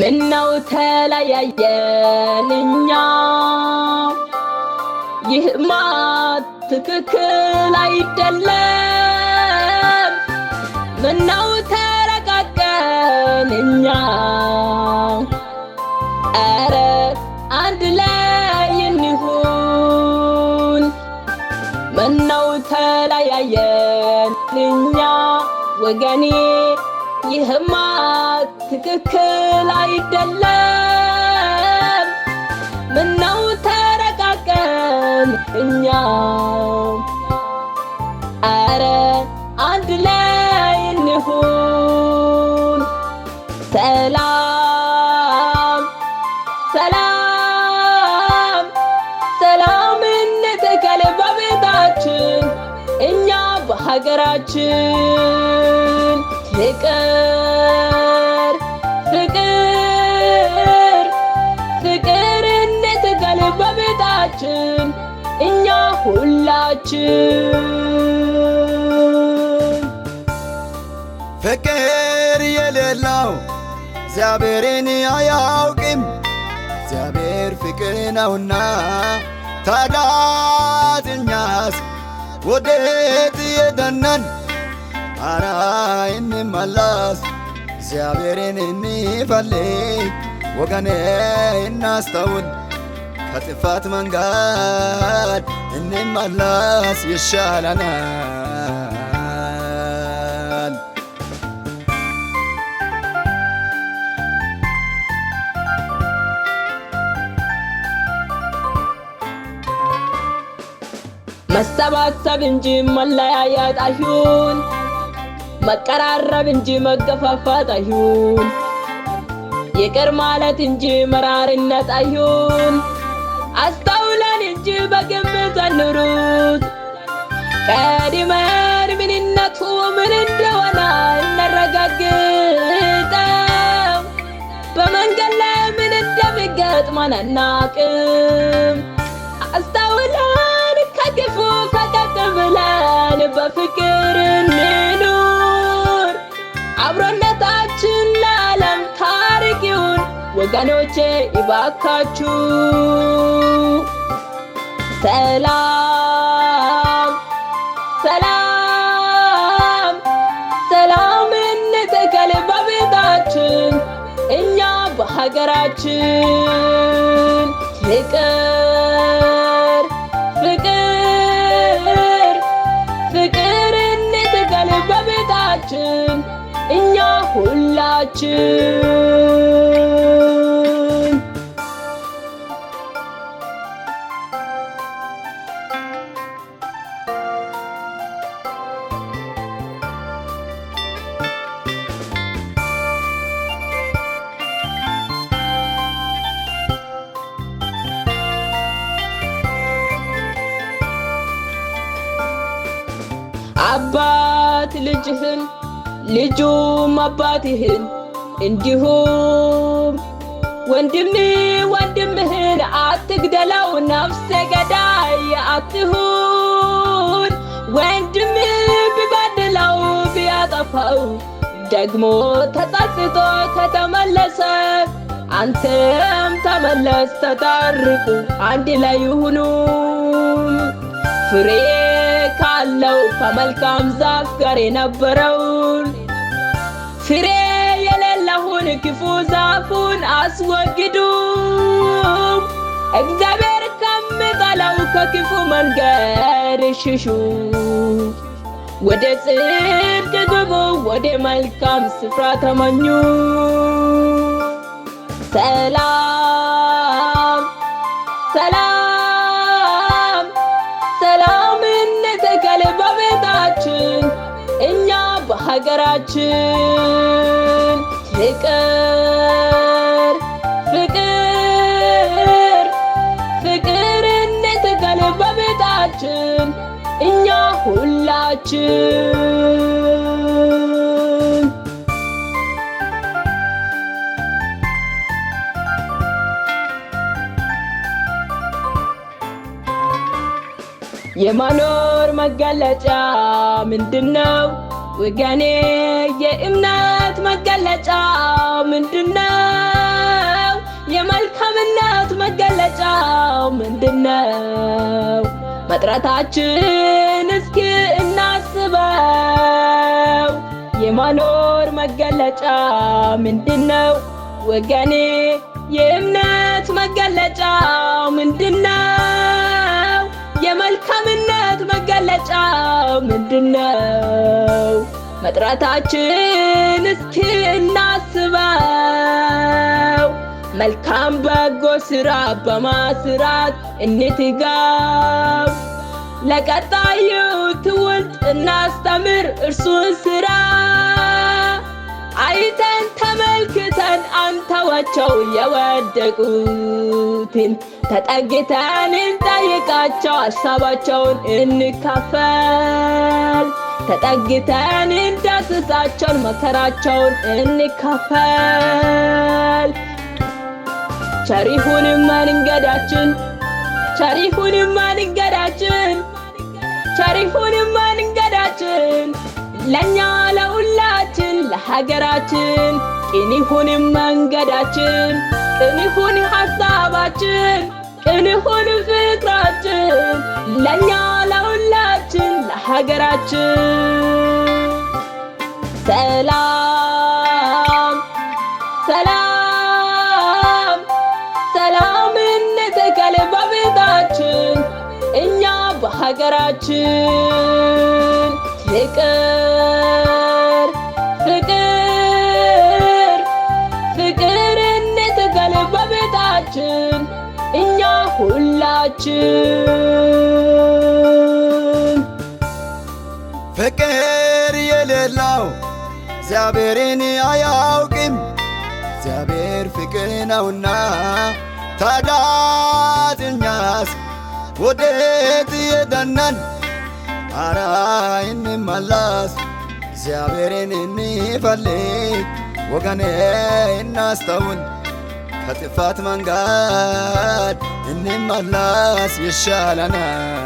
ምነው ተለያየን እኛ ይህማ ትክክል አይደለም። ምነው ተረቃቀን እኛ ኧረ አንድ ላይ እንሁን። ምነው ተለያየን እኛ ወገኔ ይህማ ትክክል አይደለም። ምነው ተረቃቀን እኛ አረ አንድ ላይ እንሁን። ሰላም ሰላም ሰላም እንተከል በቤታችን እኛ በሀገራችን ልባችን ፍቅር የሌለው እግዚአብሔርን አያውቅም። እግዚአብሔር ፍቅር ነውና ታዳትኛስ ወዴት የደነን አራ እንመላስ እግዚአብሔርን እንፈልግ ወገኔ እናስተውል ከጥፋት መንገድ እንመለስ ይሻለናል። መሰባሰብ እንጂ መለያየት አይሁን፣ መቀራረብ እንጂ መገፋፋት አይሁን፣ ይቅር ማለት እንጂ መራርነት አይሁን አስታ እጅ በግምት አኑሩት። ቀድመን ምንነቱ ምን እንደሆነ እንረጋግጠው። በመንገድ ላይ ምን እንደሚገጥመን አናቅም። አስተውለን ከግፉ ፈቀቅ ብለን በፍቅር እንኑር። አብሮነታችን ለዓለም ታሪክ ይሁን። ወገኖቼ ይባካችሁ ሰላም ሰላም ሰላም እንተከል በቤታችን እኛ በሀገራችን ፍቅር ፍቅር ፍቅር እንተከል በቤታችን እኛ ሁላችን ልጁም አባትህን እንዲሁም ወንድም ወንድምህን አትግደለው፣ ነፍሰ ገዳይ አትሁን። ወንድም ቢበድለው ቢያጠፋው ደግሞ ተጸጽቶ ከተመለሰ አንተም ተመለስ፣ ተታርቁ፣ አንድ ላይ ሁኑ። ፍሬ ካለው ከመልካም ዛፍ ጋር የነበረውን ፍሬ የሌለውን ክፉ ዛፉን አስወግዱ። እግዚአብሔር ከምጠላው ከክፉ መንገድ ሽሹ። ወደ ጽድቅ ግቡ፣ ወደ መልካም ስፍራ ተመኙ። ሰላም ሀገራችን ፍቅር ፍቅር ፍቅር እንዴት ጋለ በቤታችን እኛ ሁላችን የማኖር መገለጫ ምንድነው? ወገኔ የእምነት መገለጫ ምንድነው? የመልካምነት መገለጫ ምንድነው? መጥራታችን እስኪ እናስበው። የማኖር መገለጫ ምንድነው? ወገኔ የእምነት መገለጫው ምንድነው? የመልካም መገለጫው ምንድነው? መጥራታችን እስኪ እናስበው። መልካም በጎ ስራ በማስራት እንትጋብ። ለቀጣዩ ትውልድ እናስተምር እርሱን ስራ አይተን ተመልክተን አንተዋቸው የወደቁትን ተጠግተን እንጠይቃቸው፣ ሀሳባቸውን እንካፈል። ተጠግተን እንዳስሳቸውን፣ መከራቸውን እንካፈል። ቸሪሁን መንገዳችን ቸሪሁን መንገዳችን ቸሪሁን መንገዳችን ለእኛ ለሁላችን ለሀገራችን ቅን ይሁን መንገዳችን ቅን ይሁን ሀሳባችን እንሁን ፍቅራችን ለእኛ ለሁላችን ለሀገራችን። ሰላም ሰላም ሰላም እንተከል በቤታችን እኛ በሀገራችን ፍቅር እግዚአብሔርን አያውቅም እግዚአብሔር ፍቅር ነውና ታዳት እኛስ ወዴት እየደነን አራ እንመላስ እግዚአብሔርን እንፈልግ ወገኔ እናስተውል ከጥፋት መንገድ እንመላስ ይሻለናል